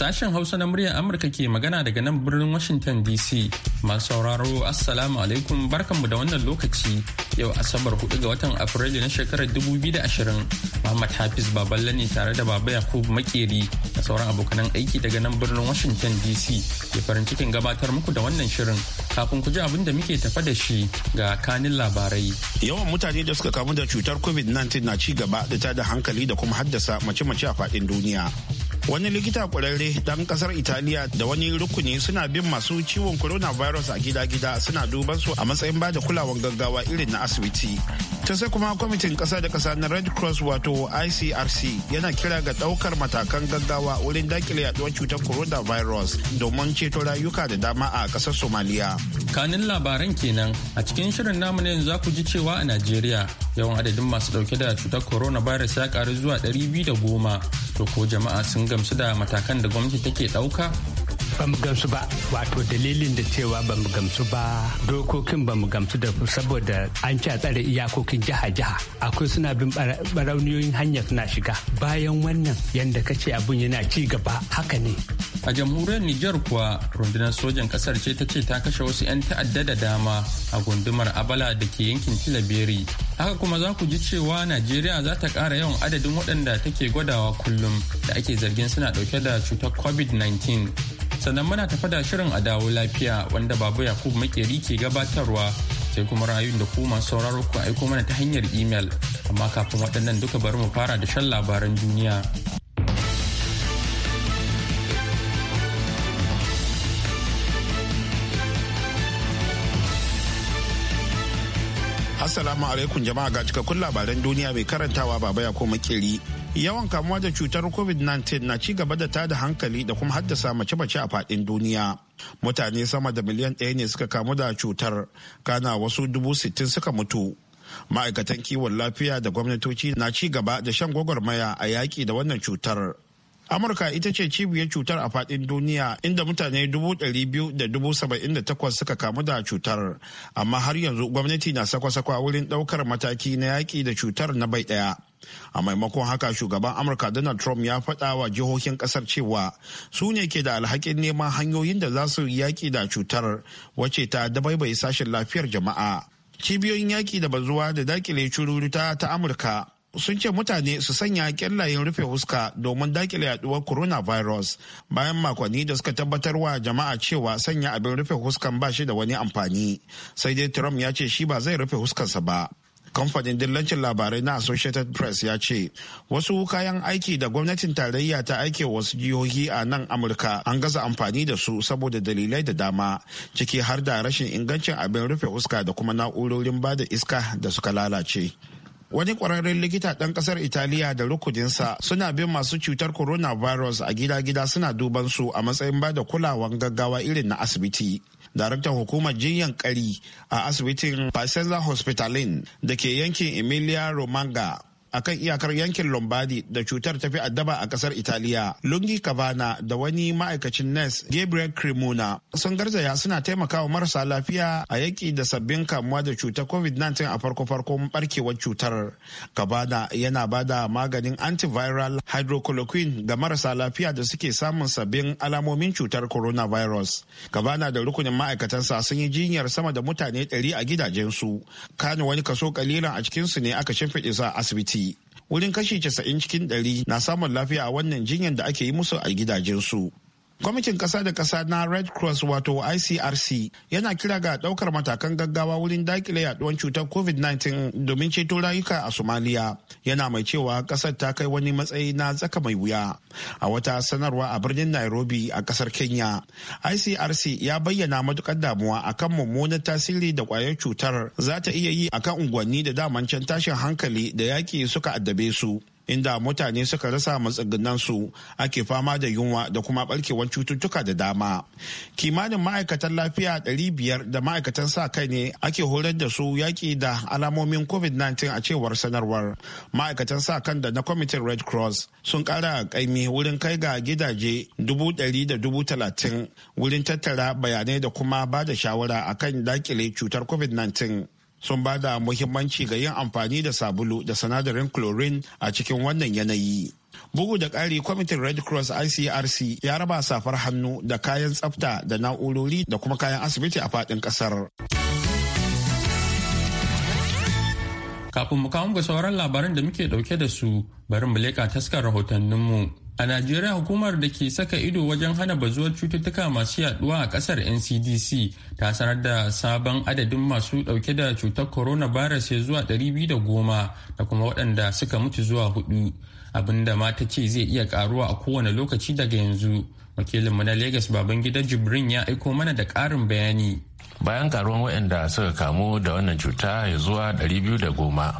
Sashen Hausa na muryar Amurka ke magana daga nan birnin Washington DC. Masu sauraro Assalamu alaikum barkanmu da wannan lokaci. Yau Asabar 4 ga watan Afrilu na shekarar 2020. Muhammad Hafiz Baballe ne tare da Baba Yakub Makeri da sauran abokanan aiki daga nan birnin Washington DC. Ke farin cikin gabatar muku da wannan shirin. Kafin ku ji abin da muke tafa da shi ga kanin labarai. Yawan mutane da suka kamu da cutar COVID-19 na ci gaba da tada hankali da kuma haddasa mace-mace a faɗin duniya. wani likita kwararre dan kasar italiya da wani rukuni suna bin masu ciwon coronavirus a gida-gida suna duban su a matsayin ba da kulawan gaggawa irin na asibiti ta sai kuma kwamitin kasa da kasa na red cross wato icrc yana kira ga daukar matakan gaggawa wurin dakile yaduwar cutar coronavirus domin ceto rayuka da dama a kasar somaliya kanin labaran kenan a cikin shirin namu ne za ku ji cewa a najeriya yawan adadin masu dauke da cutar coronavirus ya karu zuwa 210 to ko jama'a sun gamsu da matakan da gwamnati take ɗauka bamu gamsu ba wato dalilin da cewa bamu gamsu ba dokokin bamu gamsu da saboda an ci a tsare iyakokin jiha-jiha akwai suna bin barauniyoyin hanyar suna shiga bayan wannan yadda kace abun yana ci gaba haka ne a jamhuriyar Nijar kuwa rundunar sojan kasar ce ta ce ta kashe wasu 'yan ta'adda da dama a gundumar abala da ke yankin tilaberi haka kuma za ku ji cewa najeriya za ta ƙara yawan adadin waɗanda take gwadawa kullum da ake zargin suna ɗauke da cutar covid-19 sannan muna tafa da shirin a dawo lafiya wanda babu yakubu makeri ke gabatarwa sai kuma rayu da kuma sauraro ku aiko mana ta hanyar imel amma kafin waɗannan duka bari mu fara da shan labaran duniya Assalamu alaikum jama'a ga cikakkun labaran duniya mai karantawa baba ya koma kiri. Yawan kamuwa da cutar COVID-19 na ci gaba da tada hankali da kuma haddasa mace-mace a fadin duniya. Mutane sama da miliyan ɗaya ne suka kamu da cutar, kana wasu dubu sittin suka mutu. Ma'aikatan kiwon lafiya da gwamnatoci na ci gaba da shan gwagwarmaya a yaƙi da wannan cutar. amurka ita ce cibiyar cutar a fadin duniya inda mutane dubu biyu da da 278 suka kamu da cutar amma har yanzu gwamnati na sakwasakwa wurin daukar mataki na yaƙi da cutar na bai ɗaya a maimakon haka shugaban amurka donald trump ya faɗa wa jihohin ƙasar cewa su ne ke da alhakin neman hanyoyin da za su yaki da cutar wacce ta dabaibaye sashen lafiyar jama'a cibiyoyin yaki da bazuwa da dakile cururuta ta amurka sun ce mutane su sanya kyallayen rufe huska domin dakile yaduwar coronavirus bayan makonni da suka tabbatar wa jama'a cewa sanya abin rufe huskan ba shi da wani amfani sai dai trump ya ce shi ba zai rufe huskarsa ba kamfanin dillancin labarai na associated press ya ce wasu kayan aiki da gwamnatin tarayya ta aike wasu jihohi a nan amurka an gaza amfani da su saboda dalilai da dama ciki har da rashin ingancin abin rufe huska da kuma na'urorin ba da iska da suka lalace wani kwararren likita ɗan ƙasar italiya da rukuninsa suna bin masu cutar coronavirus a gida-gida suna duban su a matsayin ba da kulawan gaggawa irin na asibiti daraktan hukumar jinyan kari a asibitin pacenza hospitalin da ke yankin emilia romanga akan iyakar yankin lombardi da cutar ta fi addaba a kasar italiya lungi kavana da wani ma'aikacin nes gabriel cremona sun garzaya suna taimakawa marasa lafiya a yaƙi da sabbin kamuwa da cutar covid-19 a farko-farkon barkewar cutar cavana yana ba da maganin antiviral hydrochloroquine ga marasa lafiya da suke samun sabbin alamomin cutar coronavirus cavana da rukunin ma'aikatansa sun yi jinyar sama da mutane 100 a gidajensu kano wani kaso kalilan a cikinsu ne aka shimfiɗe su a asibiti wurin kashi 90 cikin 100 na samun lafiya a wannan jinyar da ake yi musu a gidajensu. Kwamitin ƙasa da ƙasa na Red Cross wato ICRC yana kira ga ɗaukar matakan gaggawa wurin dakile yaduwar cutar COVID-19 domin ceto rayuka a Somalia. Yana mai cewa ƙasar ta kai wani matsayi na tsaka mai wuya. A wata sanarwa a birnin Nairobi a ƙasar Kenya, ICRC ya bayyana matukar damuwa akan mummunan tasiri da ƙwayar cutar za ta iya yi akan unguwanni da daman can tashin hankali da yaƙi suka addabe su. inda mutane suka rasa su ake fama da yunwa da kuma barkewar cututtuka da dama kimanin ma'aikatan lafiya ɗari biyar da ma'aikatan sa kai ne ake horar da su yaƙi da alamomin covid-19 a cewar sanarwar ma'aikatan sa kan da na kwamitin red cross sun ƙara ƙaimi wurin kai ga gidaje dubu dubu da talatin wurin tattara bayanai da kuma ba da shawara akan dakile cutar covid-19 sun ba da muhimmanci ga yin amfani da sabulu da sinadarin chlorine a cikin wannan yanayi. Bugu da ƙari kwamitin Red Cross ICRC ya raba safar hannu da kayan tsafta da na'urori da kuma kayan asibiti a faɗin ƙasar. Kafin mu kawo ga sauran labaran da muke ɗauke da su, bari mu leƙa taskar rahotanninmu. A Najeriya hukumar da ke saka ido wajen hana bazuwar cututtuka masu yaduwa a kasar NCDC ta sanar da sabon adadin masu dauke da cutar corona coronavirus ya zuwa 210 da kuma waɗanda suka mutu zuwa hudu. Abinda ma ta ce zai iya karuwa a kowane lokaci daga yanzu. Wakilinmu na Legas Babangida Jibrin ya aiko mana da ƙarin bayani. bayan karuwan waɗanda suka kamu da wannan cuta ya zuwa 210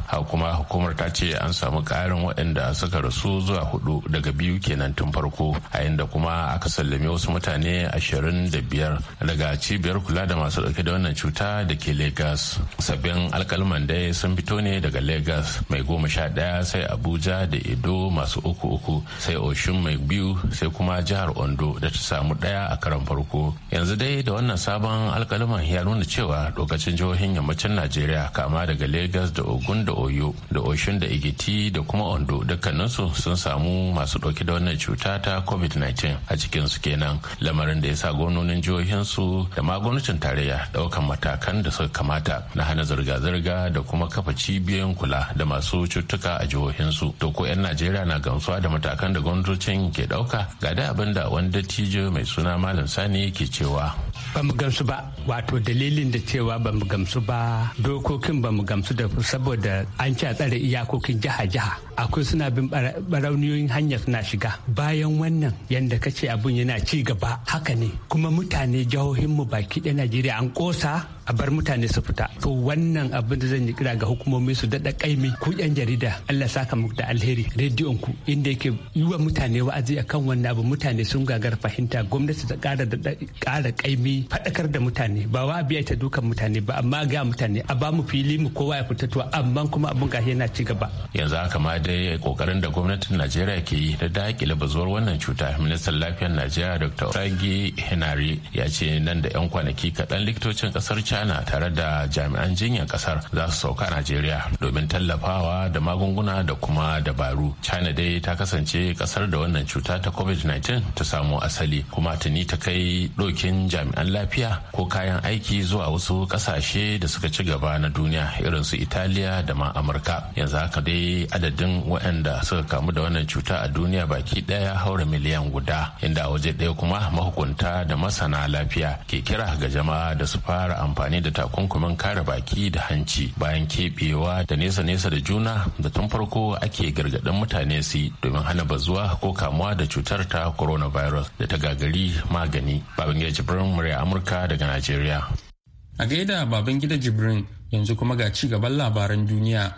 ha kuma hukumar ta ce an samu ƙarin waɗanda suka rasu zuwa hudu daga biyu kenan tun farko a inda kuma aka sallame wasu mutane 25 daga cibiyar kula da masu ɗauke da wannan cuta da ke lagos sabbin alkalman dai sun fito ne daga lagos mai goma sha ɗaya sai abuja da edo masu uku uku sai oshin mai biyu sai kuma jihar ondo da ta samu ɗaya a karan farko yanzu dai da wannan sabon alkalman ya nuna cewa lokacin jihohin yammacin najeriya kama daga Legas da ogun da oyo da oshun da igiti da kuma ondo dukkaninsu sun samu masu ɗauki da wannan cuta ta covid-19 a cikin su kenan lamarin da ya sa gwamnonin su da ma tarayya ɗaukan matakan da suka kamata na hana zirga-zirga da kuma kafa cibiyoyin kula da masu cutuka a jihohinsu to ko 'yan najeriya na gamsuwa da matakan da gwamnatocin ke ɗauka ga da abin da wani dattijo mai suna malam sani ke cewa ba mu gamsu ba wato dalilin da cewa bamu gamsu ba dokokin ba gamsu da saboda an ci a tsare iyakokin jiha-jiha akwai suna bin barauniyoyin hanya suna shiga bayan wannan yadda ka ce abun yana ci gaba haka ne kuma mutane jihohinmu baki ɗaya najeriya an ƙosa a bar mutane su fita to wannan abin da zan yi kira ga hukumomin su daɗa kaimi ku yan jarida Allah saka muku da alheri rediyon ku inda yake yi wa mutane wa'azi a kan wannan abu mutane sun gagar fahimta gwamnati ta ƙara da ƙara kaimi faɗakar da mutane ba wa biya ta dukan mutane ba amma ga mutane a ba mu fili mu kowa ya fita to amma kuma abun gashi yana ci gaba yanzu haka ma dai kokarin da gwamnatin najeriya ke yi da dakile bazuwar wannan cuta ministan lafiyar najeriya dr sagi henare ya ce nan da yan kwanaki kaɗan likitocin ƙasar china tare da jami'an jinyar ƙasar za su sauka najeriya domin tallafawa da magunguna da kuma dabaru china dai ta kasance ƙasar da wannan cuta ta covid-19 ta samu asali kuma tuni ta kai ɗokin jami'an lafiya ko kayan aiki zuwa wasu ƙasashe da suka ci gaba na duniya irin su italiya da ma amurka yanzu haka dai adadin adadin waɗanda suka kamu da wannan cuta a duniya baki ɗaya haura miliyan guda inda a waje ɗaya kuma mahukunta da masana lafiya ke kira ga jama'a da su fara amfani da takunkumin kare baki da hanci bayan keɓewa da nesa-nesa da juna da tun farko ake gargaɗin mutane su domin hana bazuwa ko kamuwa da cutar ta coronavirus da ta gagari magani. Babangida Jibrin murya Amurka daga Najeriya. A gaida gida Jibrin yanzu kuma ga ci gaban labaran duniya.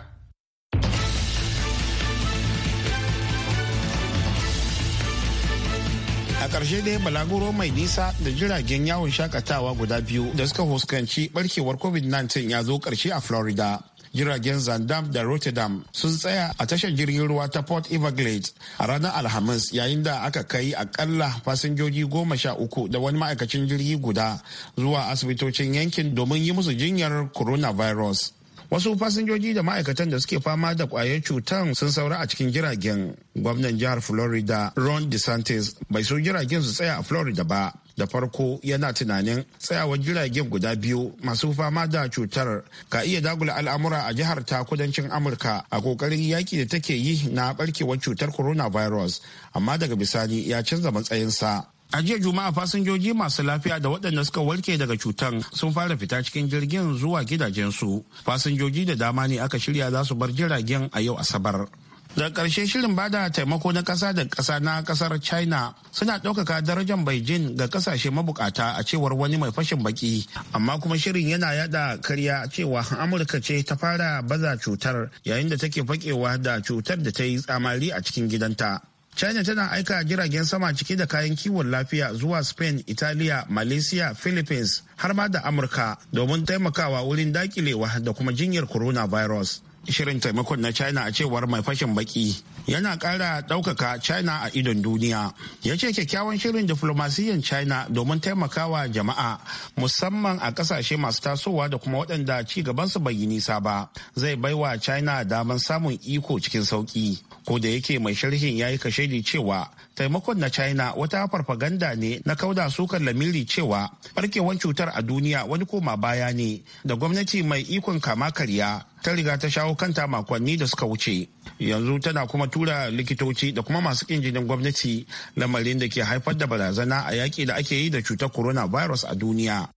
a ƙarshe dai balaguro mai nisa da jiragen yawon shakatawa guda biyu da suka huskanci barkewar covid-19 ya zo ƙarshe a florida jiragen zandam da rotterdam sun tsaya a tashar jirgin ruwa ta port everglades a ranar alhamis yayin da aka kai akalla fasinjoji goma sha uku da wani ma'aikacin jirgi guda zuwa asibitocin yankin domin yi musu jinyar coronavirus wasu fasinjoji da ma'aikatan da suke fama da kwayar cutar sun saura a cikin jiragen gwamnan jihar florida ron desantis bai so jiragen su tsaya a florida ba da farko yana tunanin tsayawar jiragen guda biyu masu fama da cutar ka iya dagula al'amura a jihar ta kudancin amurka a kokarin yaki da take yi na barkewar cutar coronavirus amma daga bisani ya canza matsayinsa A jiya Juma'a fasinjoji masu lafiya da waɗanda suka warke daga cutan sun fara fita cikin jirgin zuwa gidajensu. Fasinjoji da dama ne aka shirya za su bar jiragen a yau Asabar. daga ƙarshe shirin bada taimako na ƙasa da ƙasa na ƙasar china suna ɗaukaka darajar beijing ga ƙasashe mabukata a cewar wani mai fashin baki amma kuma shirin yana yada karya cewa amurka ce ta fara baza cutar yayin da take fakewa da cutar da ta yi tsamari a cikin gidanta china tana aika jiragen sama ciki da kayan kiwon lafiya zuwa spain italiya malaysia philippines har ma da amurka domin taimakawa wurin dakilewa da kuma jinyar coronavirus shirin taimakon na china a cewar mai fashin baki yana kara daukaka china a idon duniya ya ce kyakkyawan shirin diflomasiyyar china domin taimakawa jama'a musamman a kasashe masu tasowa da kuma waɗanda ci gabansu bai yi nisa ba zai baiwa china daman samun iko cikin sauki ko da yake mai sharhin ya yi kashedi cewa taimakon na china wata farfaganda ne na kauda sukar lamiri cewa barkewar cutar a duniya wani koma baya ne da gwamnati mai ikon kama karya ta riga ta shawo kanta makonni da suka wuce yanzu tana kuma tura likitoci da kuma masu injinin gwamnati lamarin da ke haifar da barazana a yaƙi da ake yi da cutar coronavirus a duniya.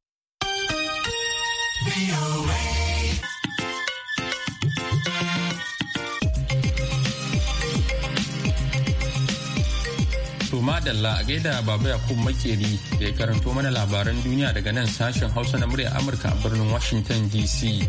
madalla a gaida baba yakub makeri da ya karanto mana labaran duniya daga nan sashen hausa na murya amurka a birnin washington dc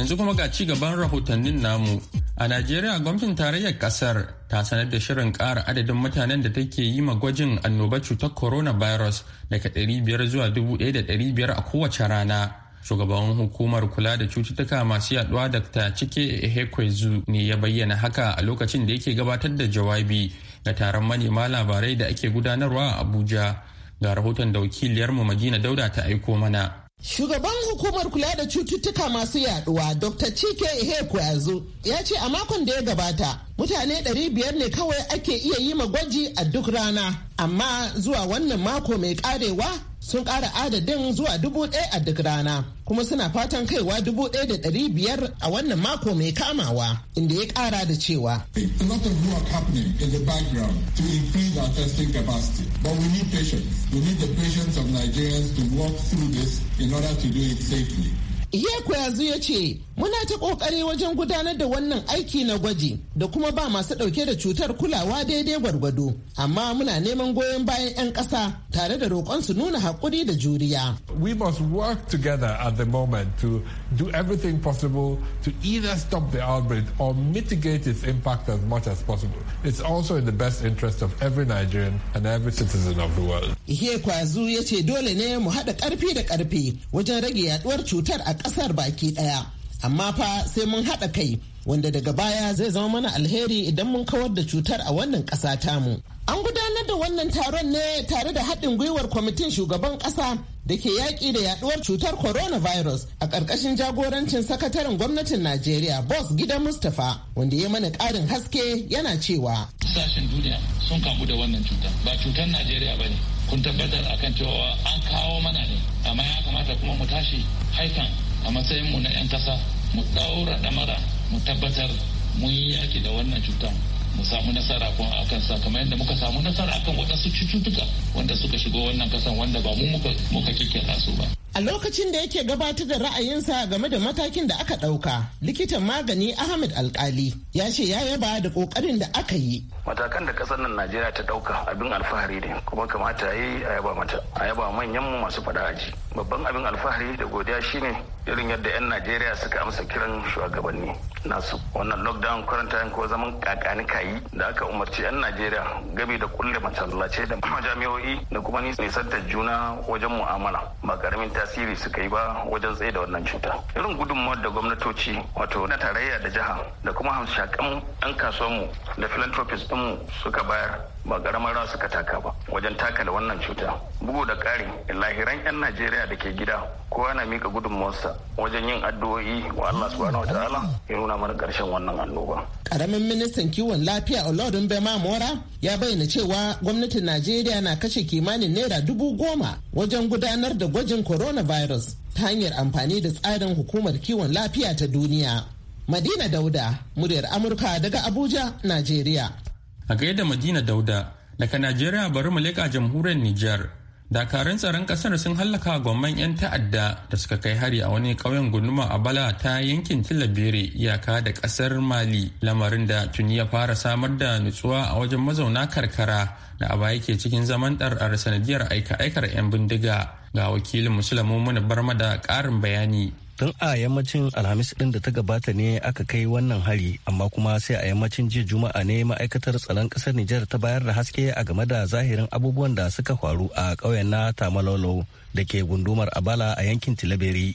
yanzu kuma ga ci gaban rahotannin namu a najeriya gwamnatin tarayyar kasar ta sanar da shirin ƙara adadin mutanen da take yi ma gwajin annobar cutar coronavirus daga 500 zuwa 1,500 a kowace rana shugaban hukumar kula da cututtuka masu yaduwa dr cike hekwezu ne ya bayyana haka a lokacin da yake gabatar da jawabi ga taron manema labarai da ake gudanarwa a abuja ga rahoton da wakiliyarmu Magina dauda ta aiko mana Shugaban hukumar kula da cututtuka masu yaduwa Dr. Chike Ihekwazu ya ce a makon da ya gabata mutane 500 ne kawai ake iya yi ma gwaji a duk rana amma zuwa wannan mako mai karewa sun ƙara adadin zuwa dubu ɗaya a duk rana kuma suna fatan kaiwa dubu ɗaya da ɗari biyar a wannan mako mai kamawa inda ya ƙara da cewa. A lot of work happening in the background to increase our testing capacity, but we need patience. We need the patience of Nigerians to walk through this in order to do it safely. Iyeku Yazu ya ce, Muna ta ƙoƙari wajen gudanar da wannan aiki na gwaji da kuma ba masu ɗauke da cutar kulawa daidai gwargwado, amma muna neman goyon bayan 'yan ƙasa tare da roƙon su nuna haƙuri da juriya. We must work together at the moment to do everything possible to either stop the outbreak or mitigate its impact as much as possible. It's also in the best interest of every Nigerian and every citizen of the world. Iyeku Yazu ya ce dole ne mu haɗa ƙarfi da ƙarfi wajen rage yaɗuwar cutar a ƙasar baki ɗaya. Amma fa sai mun haɗa kai wanda daga baya zai zama mana alheri idan mun kawar da cutar a wannan ƙasa tamu. An gudanar da wannan taron ne tare da haɗin gwiwar kwamitin shugaban ƙasa da ke yaƙi da yaɗuwar cutar coronavirus a ƙarƙashin jagorancin sakataren gwamnatin Najeriya Boss Gidan Mustapha wanda ya mana ƙarin haske yana cewa. Sashen duniya sun kamu da wannan cuta ba cutar Najeriya ba ne kun tabbatar akan cewa an kawo mana ne amma ya kamata kuma mu tashi haikan a matsayin mu na 'yan kasa mu daura damara mu tabbatar mun yi yaki da wannan cutar mu samu nasara kuma akan sa kamar yadda muka samu nasara akan waɗansu cututtuka wanda suka shigo wannan kasan wanda ba mu muka muka kikkira su ba A lokacin da yake gabatar da ra'ayinsa game da matakin da aka ɗauka, likitan magani Ahmed Alkali ya ce ya yaba da ƙoƙarin da aka yi. Matakan da ƙasar nan Najeriya ta ɗauka abin alfahari ne kuma kamata yi a yaba mata, a yaba manyan masu faɗa aji. Babban abin alfahari da godiya shine irin yadda 'yan Najeriya suka amsa kiran shugabanni nasu. Wannan lockdown quarantine ko zaman kakani kayi da aka umarci 'yan Najeriya gabi da kulle masallace da majami'o'i da kuma nisantar juna wajen mu'amala. Ba karamin tasiri suka yi ba wajen tsaye da wannan cuta irin gudunmawar da gwamnatoci wato na tarayya da jiha da kuma hamshakan 'yan kasuwanmu da philanthropist ɗinmu suka bayar ba karamar rawa suka taka ba wajen takale wannan cuta bugu da ƙari lahiran 'yan najeriya da ke gida kowa na mika gudunmuwarsa wajen yin addu'o'i wa allah subhanahu wa ta'ala ya nuna mana ƙarshen wannan annoba karamin ministan kiwon lafiya olodun bema mora ya bayyana cewa gwamnatin najeriya na kashe kimanin naira dubu goma wajen gudanar da gwajin coronavirus ta hanyar amfani da tsarin hukumar kiwon lafiya ta duniya madina dauda muryar amurka daga abuja najeriya a gaida madina dauda daga najeriya bari mu leƙa jamhuriyar niger dakarun tsaron ƙasar sun hallaka gwamman 'yan ta'adda da suka kai hari a wani ƙauyen gunduma a bala ta yankin tilabere iyaka da ƙasar mali lamarin da tuni ya fara samar da nutsuwa a wajen mazauna karkara da a baya cikin zaman a sanadiyar aika-aikar 'yan bindiga ga wakilin musulmi muni barma da ƙarin bayani tun a yammacin alhamis din da ta gabata ne aka kai wannan hari amma kuma sai a yammacin jiya juma'a ne ma'aikatar tsaron ƙasar nijar ta bayar da haske a game da zahirin abubuwan da suka faru a ƙauyen na tamalolo da ke gundumar abala a yankin tilaberi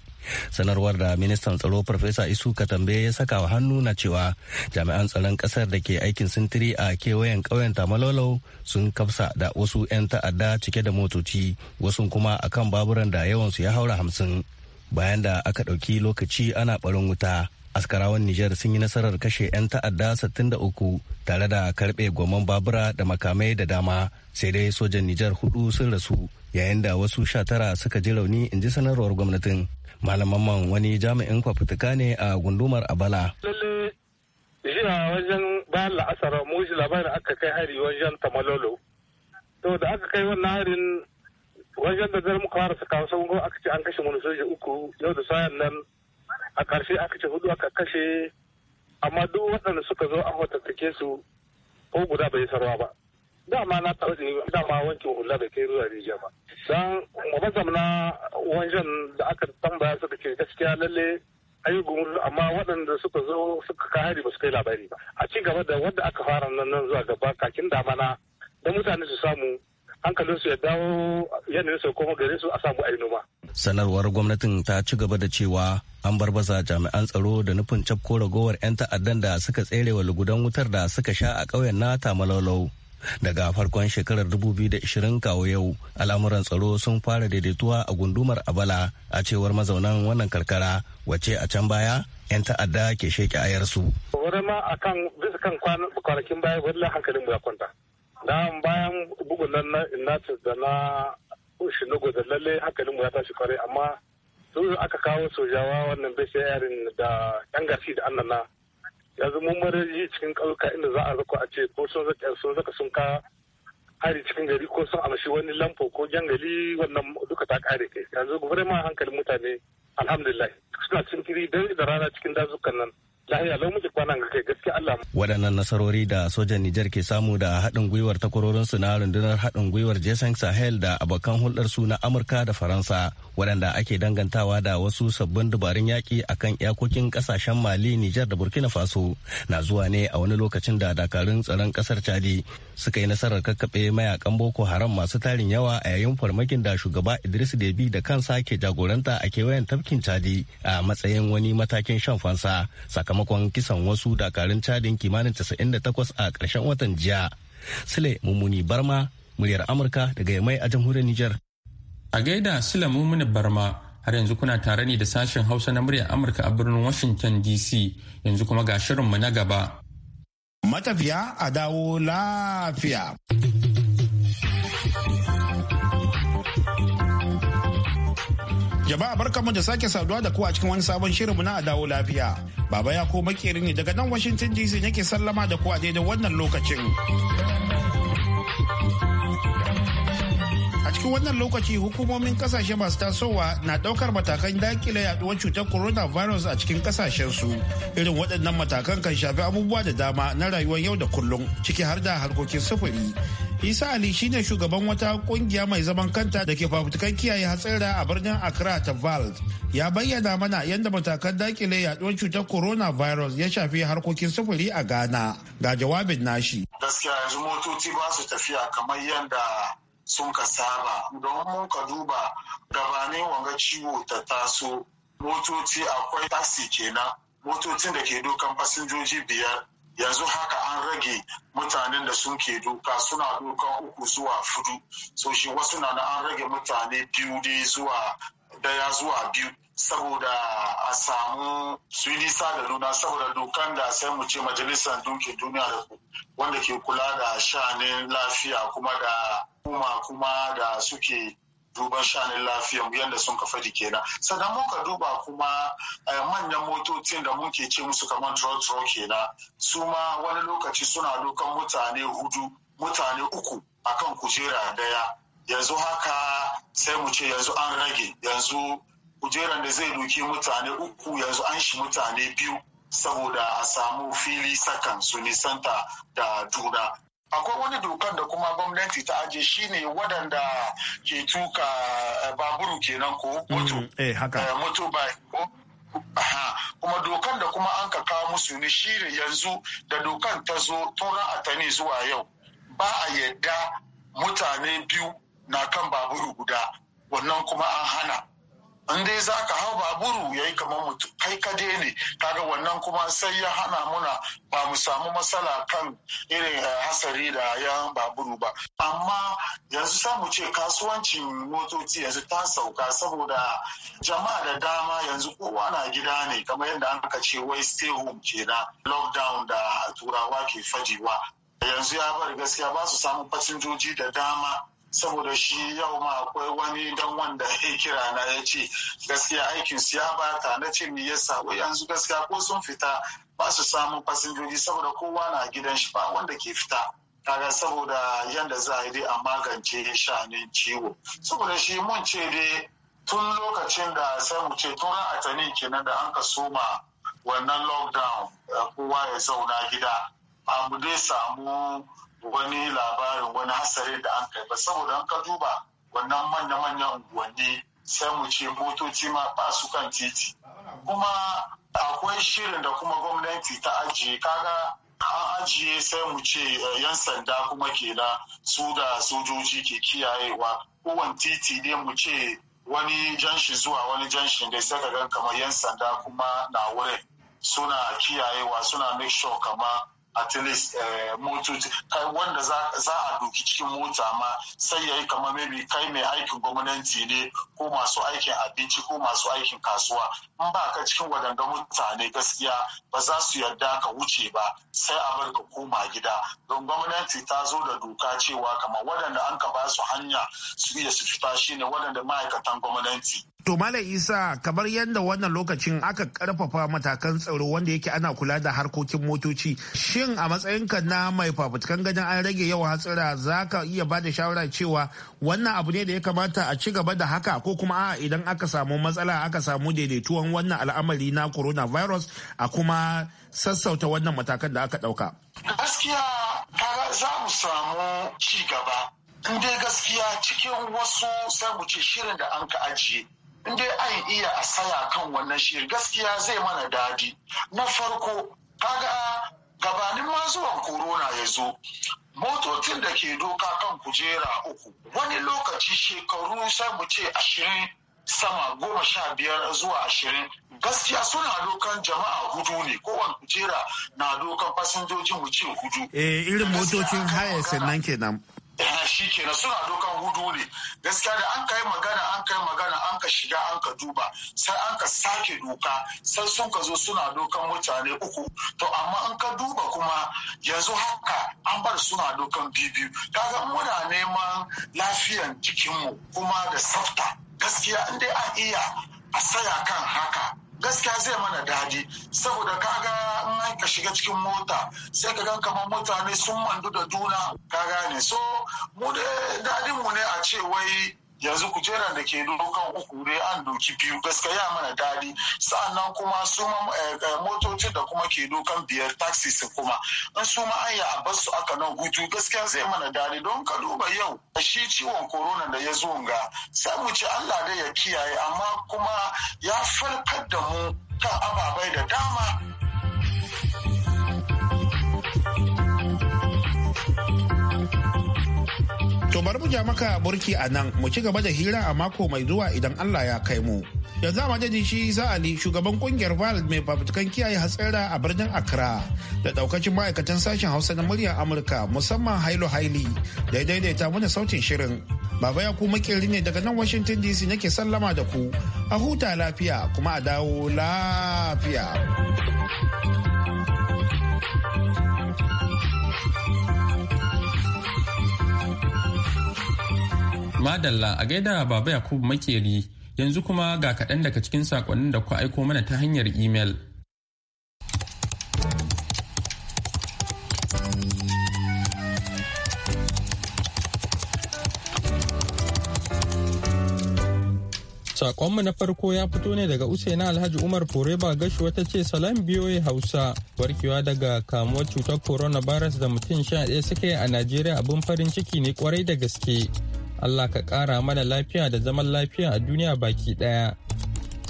sanarwar da ministan tsaro farfesa isu katambe ya saka wa hannu na cewa jami'an tsaron kasar da ke aikin sintiri a kewayen ƙauyen tamalolo sun kafsa da wasu 'yan ta'adda cike da motoci wasu kuma akan baburan da yawansu ya haura hamsin bayan da aka ɗauki lokaci ana ɓarin wuta askarawan Nijar sun yi nasarar kashe 'yan ta'adda 63 tare da karɓe goman babura da makamai da dama sai dai sojan Nijar hudu sun rasu yayin da wasu sha tara suka ji rauni in ji sanarwar gwamnatin malaman wani jami'in kwafutuka ne a gundumar abala jiya wajen bayan la'asar mu labarin aka kai hari wajen tamalolo to da aka kai wannan harin wajen da zai muka fara saka sun go aka ce an kashe wani soja uku yau da sayan nan a ƙarshe aka ce hudu aka kashe amma duk waɗanda suka zo an watattake su ko guda bai sarwa ba dama na taɓa jini dama wanke hula bai kai ruwa rijiya ba don mabazam na wajen da aka tambaya suka ce gaskiya lalle ayyukan amma waɗanda suka zo suka kahari ba su kai labari ba a ci gaba da wanda aka fara nan nan zuwa gaba kakin dama na da mutane su samu hankalinsu ya dawo yanayinsu koma gare su a samu a noma. Sanarwar gwamnatin ta ci gaba da cewa an barbaza jami'an tsaro da nufin cafko ragowar 'yan ta'addan da suka tsere wa lugudan wutar da suka sha a ƙauyen na Tamalalau. Daga farkon shekarar 2020 kawo yau, al'amuran tsaro sun fara daidaituwa a gundumar Abala a cewar mazaunan wannan karkara wacce a can baya 'yan ta'adda ke sheke ayarsu. wurin ma a kan bisa kan kwanakin baya wani hankalin mu ya kwanta. na bayan bugun nan na inatis da na shinugu da lalle hankalin mu ya tashi kwarai amma sun aka kawo sojawa wannan bai yarin da yan gasi da annana yanzu mun yi cikin ƙauka inda za a zako a ce ko sun zaka sun zaka sun ka hari cikin gari ko sun amshi wani lamfo ko jangali wannan duka ta kare kai yanzu gwamnati hankalin mutane alhamdulillah suna cikin dare da rana cikin dazukan nan Waɗannan nasarori da sojan Nijar ke samu da haɗin gwiwar su na rundunar haɗin gwiwar Jason Sahel da abokan hulɗarsu na Amurka da Faransa waɗanda ake dangantawa da wasu sabbin dabarun yaƙi kan iyakokin ƙasashen Mali, Nijar da Burkina Faso na zuwa ne a wani lokacin da dakarun tsaron ƙasar Chadi suka yi nasarar kakkaɓe mayakan Boko Haram masu tarin yawa a yayin farmakin da shugaba Idris debi da kansa ke jagoranta a kewayen tafkin Chadi a matsayin wani matakin shan fansa sakamakon sakamakon kisan wasu dakarun cadin kimanin 98 a ƙarshen watan jiya. Sule Mummuni Barma, muryar Amurka daga Yamai a jamhuriyar Nijar. A gaida Sule Mummuni Barma, har yanzu kuna tare ne da sashen Hausa na muryar Amurka a birnin Washington DC, yanzu kuma ga shirin mu na gaba. Matafiya a dawo lafiya. Jama'a barkanmu da sake saduwa da ku a cikin wani sabon shirinmu na dawo lafiya. Baba ya ko makeri ne daga nan Washington DC nake sallama da ku a daidai wannan lokacin. a cikin wannan lokaci hukumomin kasashe masu tasowa na ɗaukar matakan dakile yaduwar cutar coronavirus a cikin kasashensu irin waɗannan matakan kan shafi abubuwa da dama na rayuwar yau da kullum ciki har da harkokin sufuri isa ali shine shugaban wata kungiya mai zaman kanta da ke fafutukan kiyaye hatsira a birnin accra ta vald ya bayyana mana yadda matakan dakile yaduwar cutar coronavirus ya shafi harkokin sufuri a ghana ga jawabin nashi gaskiya yanzu motoci ba su tafiya kamar yadda sun ka saba don mun ka duba gabanin wanga ciwo ta taso motoci akwai taxi kenan motocin da ke dokan fasinjoji biyar yanzu haka an rage mutanen da sun ke doka suna dokan uku zuwa fudu so shi wasu na an rage mutane biyu dai zuwa daya zuwa biyu saboda a samu su nisa da nuna saboda dokan da sai mu ce majalisar dunkin duniya da wanda ke kula da shanin lafiya kuma da kuma kuma da suke duban shanin lafiyar yadda sun kafa di kenan sannan muka duba kuma eh, manyan motocin da muke ce musu kamar trotro kenan su ma wani lokaci suna dokan mutane hudu mutane uku akan kujera daya yanzu haka sai mu ce yanzu an rage yanzu kujeran da zai duki mutane uku yanzu an shi mutane biyu saboda a samu fili sakan su nisanta da juna akwai wani dokan da kuma gwamnati ta aje shine waɗanda ke tuka eh, baburu kenan ko mm, moto eh, eh, moto haka ko kuma dokan da kuma an ka kawo musu ne shine yanzu da dokan ta zo tauran atani zuwa yau ba a yadda mutane biyu na kan baburu guda wannan kuma an hana in dai za ka hau baburu ya yi kamar mutu kai kade ne kaga wannan kuma sai ya hana muna ba mu samu matsala kan irin eh, hasari da yan baburu ba amma yanzu sa mu ce kasuwancin motoci yanzu ta sauka saboda jama'a da dama yanzu kowa na gida ne kamar yadda an ka ce wai stay home ke na lockdown da turawa ke fajiwa yanzu ya bari gaskiya ba su samu fasinjoji da dama saboda shi yau ma akwai wani dan wanda ya kira na ya ce gaskiya aikin su ya bata na ce me yasa sabo yanzu gaskiya ko sun fita ba su samun fasinjoji saboda kowa na gidan shi ba wanda ke fita kaga saboda yadda za a yi dai a magance shanin ciwo saboda shi mun ce dai tun lokacin da sai mu ce tun ra'atanin kenan da an ka soma wannan lockdown kowa ya zauna gida a mu dai samu wani labarin wani hasarin da an kai ba saboda an ka duba wannan manya-manyan unguwanni sai mu ce motoci ma ba su kan titi kuma akwai shirin da kuma gwamnati ta ajiye kaga an ajiye sai mu ce eh, yan sanda kuma ke na su da sojoji ke kiyayewa kowane titi ne mu ce wani janshi zuwa wani janshi da sai ka gan kamar yan sanda kuma na wurin suna kiyayewa suna make sure kama at least eh, motoci wanda za a doki cikin mota ma sai ya yi kama maybe kai mai aikin gwamnati ne ko masu aikin abinci ko masu aikin kasuwa in ba ka cikin wadanda mutane gaskiya ba za su yarda ka wuce ba sai a bar ka koma gida don gwamnati ta zo da doka cewa kamar waɗanda an ka ba su hanya su iya su fita shine waɗanda ma'aikatan gwamnati To Malam Isa kamar yadda wannan lokacin aka karfafa matakan tsaro wanda yake ana kula da harkokin motoci. Shin a matsayinka na mai fafutukan ganin an rage yawan hatsara za ka iya bada shawara cewa wannan abu ne da ya kamata a ci gaba da haka ko kuma a idan aka samu matsala aka samu daidaituwan wannan al'amari na coronavirus a kuma sassauta wannan matakan da aka ɗauka. Gaskiya za mu samu ci gaba. In dai gaskiya cikin wasu sai mu ce shirin da an ka ajiye. in dai an iya a saya kan wannan shiri gaskiya zai mana dadi na farko kaga gabanin ma zuwan corona ya zo motocin da ke doka kan kujera uku wani lokaci shekaru sai mu ce ashirin sama goma sha biyar zuwa ashirin gaskiya suna dokan jama'a hudu ne kowane kujera na dokan fasinjojin mu ce hudu eh irin motocin haya sannan kenan eh shi kenan suna dokan hudu ne gaskiya da an kai magana an kai magana an ka shiga an ka duba sai an ka sake doka sai sun ka zo suna dokan mutane uku to amma an ka duba kuma yanzu haka an bar suna dokan biyu kaga muna neman lafiyan jikinmu kuma da tsafta gaskiya in dai an iya a saya kan haka gaskiya zai mana daɗi saboda kaga in ka shiga cikin mota sai ka ga kamar mutane sun mandu da juna ka gane so mu dai dadin mu ne a ce wai yanzu kujeran da ke dokan uku dai an doki biyu gaskiya mana daɗi sa'annan kuma su eh, eh, motocin da kuma ke dokan biyar taxi su kuma in su ma an yi a basu aka nan hutu gaskiya zai mana daɗi don ka duba yau shi ciwon corona da ya zo ga sai mu ci Allah da ya kiyaye amma kuma ya farkar da mu kan ababai da dama. To bari mu ja maka burki a nan mu ci gaba da hira a mako mai zuwa idan Allah ya kai mu. Yanzu a madadin shi za Ali shugaban kungiyar VAL mai fafutukan kiyaye hatsara a birnin Accra da daukacin ma'aikatan sashen Hausa na muryar Amurka musamman Hailo Haili da ya daidaita mana sautin shirin. Baba ya ku makeri ne daga nan Washington DC nake sallama da ku. A huta lafiya kuma a dawo lafiya. Madalla a gaida Baba Yakubu Makeri yanzu kuma ga kaɗan daga cikin sakonnin da ku aiko mana ta hanyar imel. Sakonmu na farko ya fito ne daga Usaina Alhaji Umar Foreba gashi wata ce salam biyoyi Hausa warkewa daga kamuwar cutar coronavirus da mutum sha ɗaya suka yi a Najeriya abin farin ciki ne kwarai da gaske. Allah ka ƙara mana lafiya da zaman lafiya a duniya baki ɗaya.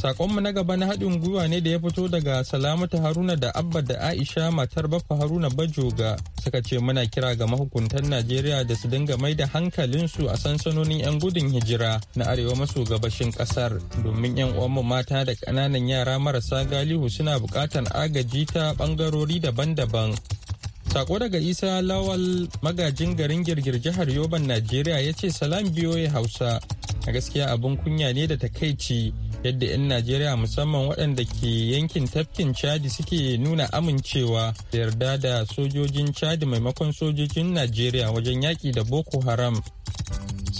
Sakonmu na gaba na haɗin gwiwa ne da ya fito daga Salamatu Haruna da Abba da Aisha matar Baffa Haruna Bajoga suka ce muna kira ga mahukuntan Najeriya da su dinga mai da hankalinsu a sansanonin 'yan gudun hijira na arewa maso gabashin ƙasar domin 'yan uwanmu mata da ƙananan yara marasa galihu suna buƙatar agaji ta ɓangarori daban-daban Sako daga Isa Lawal magajin garin girgir jihar Yoban Najeriya ya ce salam biyoyi Hausa a gaskiya abin kunya ne da takaici yadda 'yan Najeriya musamman waɗanda ke yankin tafkin Chadi suke nuna amincewa da yarda da sojojin Chadi maimakon sojojin Najeriya wajen yaƙi da Boko Haram.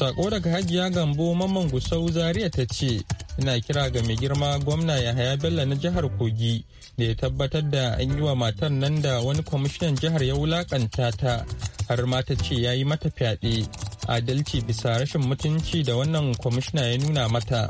Sako daga Hajiya Gambo Mamman Gusau Zaria ta ce, ina kira ga mai girma gwamna Yahaya Bello na jihar Kogi da ya tabbatar da an yi wa matar nan da wani kwamishinan jihar ya wulakanta ta har ma ta ce ya yi mata fyaɗe. Adalci bisa rashin mutunci da wannan kwamishina ya nuna mata.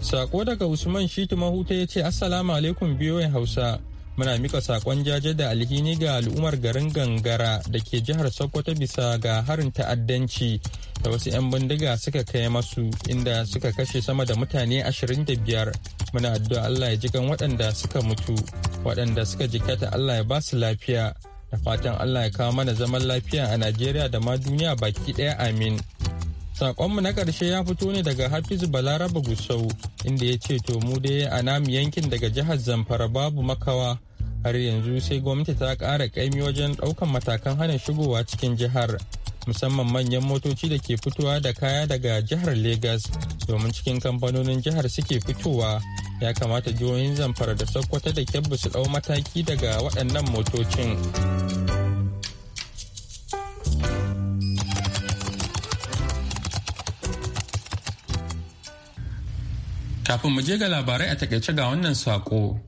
Sako daga Usman Shitu Mahuta ya ce Assalamu alaikum biyoyin Hausa. muna mika sakon jaje da alhini ga al'ummar garin gangara da ke jihar sokoto bisa ga harin ta'addanci da wasu 'yan bindiga suka kai masu inda suka kashe sama da mutane 25 muna addu'a allah ya jikan waɗanda suka mutu waɗanda suka jikata allah ya ba su lafiya da fatan allah ya kawo mana zaman lafiya a najeriya da ma duniya baki ɗaya amin Sakonmu na ƙarshe ya fito ne daga hafiz Balaraba Gusau, inda ya ce to mu dai a namu yankin daga jihar Zamfara babu makawa har yanzu sai gwamnati ta ƙara ƙaimi wajen ɗaukan matakan hana shigowa cikin jihar musamman manyan motoci da ke fitowa da kaya daga jihar Legas domin cikin kamfanonin jihar suke fitowa ya kamata jihohin zamfara da sokoto da kyabbu su ɗau mataki daga waɗannan motocin. Kafin mu je ga labarai a takaice ga wannan saƙo.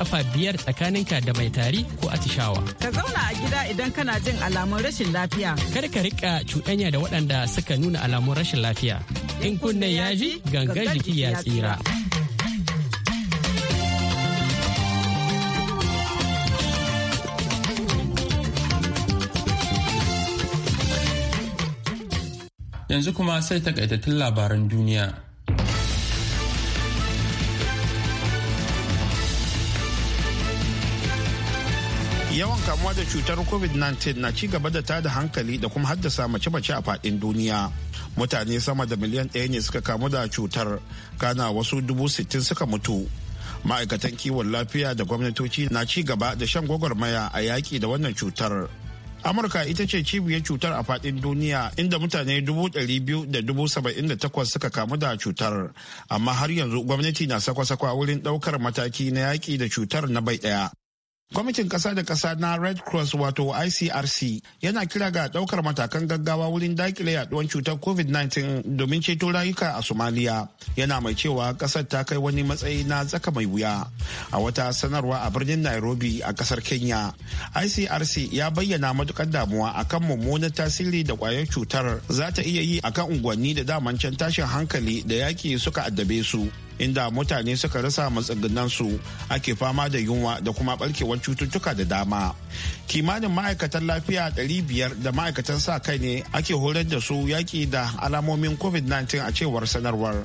kafa biyar tsakaninka da mai tari ko atishawa. Ka zauna a gida idan kana jin alamun rashin lafiya. Kar ka rika cuɗanya da waɗanda suka nuna alamun rashin lafiya. In kunne ya ji gangan jiki ya tsira. Yanzu kuma sai takaitattun labaran duniya. yawan kamuwa da cutar covid-19 na ci gaba da tada hankali da kuma haddasa mace-mace a fadin duniya mutane sama da miliyan ɗaya ne suka kamu da cutar kana wasu dubu sittin suka mutu ma'aikatan kiwon lafiya da gwamnatoci na ci gaba da shan gwagwarmaya a yaƙi da wannan cutar amurka ita ce cibiyar cutar a fadin duniya inda mutane dubu dubu biyu da da saba'in takwas suka kamu da cutar amma har yanzu gwamnati na sakwa-sakwa wurin ɗaukar mataki na yaƙi da cutar na bai ɗaya Kwamitin ƙasa da ƙasa na Red Cross wato ICRC yana kira ga ɗaukar matakan gaggawa wurin daƙile yaduwar cutar COVID-19 domin ceto rayuka a Somalia. Yana mai cewa ƙasar ta kai wani matsayi na tsaka mai wuya. A wata sanarwa a birnin Nairobi a ƙasar Kenya, ICRC ya bayyana matukar damuwa akan mummunan tasiri da ƙwayar cutar za ta iya yi akan unguwanni da daman can tashin hankali da yaƙi suka addabe su. inda mutane suka rasa su ake fama da yunwa da kuma barkewar cututtuka da dama kimanin ma'aikatan lafiya biyar da ma'aikatan sa kai ne ake horar da su yaki da alamomin covid-19 a cewar sanarwar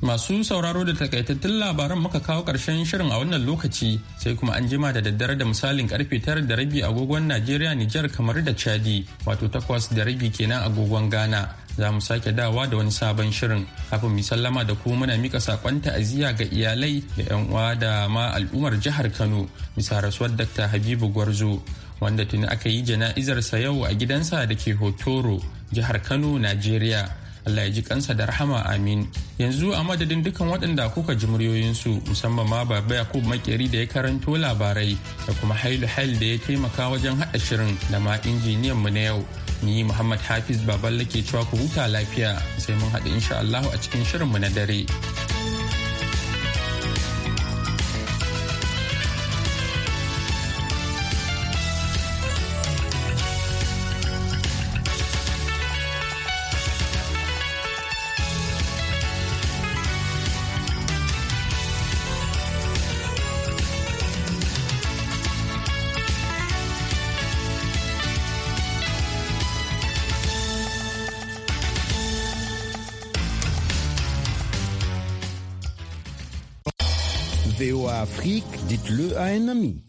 masu sauraro da takaitattun labaran muka kawo karshen shirin a wannan lokaci sai kuma an jima da daddare da misalin karfe tara da rabi agogon najeriya nijar kamar da chadi wato takwas da rabi kenan agogon ghana za mu sake dawa da wani sabon shirin kafin mu sallama da ku muna mika sakon ta'aziyya ga iyalai da yan uwa da ma al'ummar jihar Kano bisa rasuwar Dr. Habibu Gwarzo wanda tuni aka yi jana'izarsa yau a gidansa da ke Hotoro jihar Kano Najeriya Allah ya ji kansa da rahama amin. Yanzu a madadin dukan waɗanda kuka ji muryoyinsu musamman ma Baba Yakub Makeri da ya karanto labarai da kuma Hailu Hail da ya taimaka wajen haɗa shirin da ma injiniyan mu na yau. Ni Muhammad Hafiz Baballe ke cewa ku huta lafiya sai mun haɗu insha a cikin shirin mu na dare. Afrique, dites-le à un ami.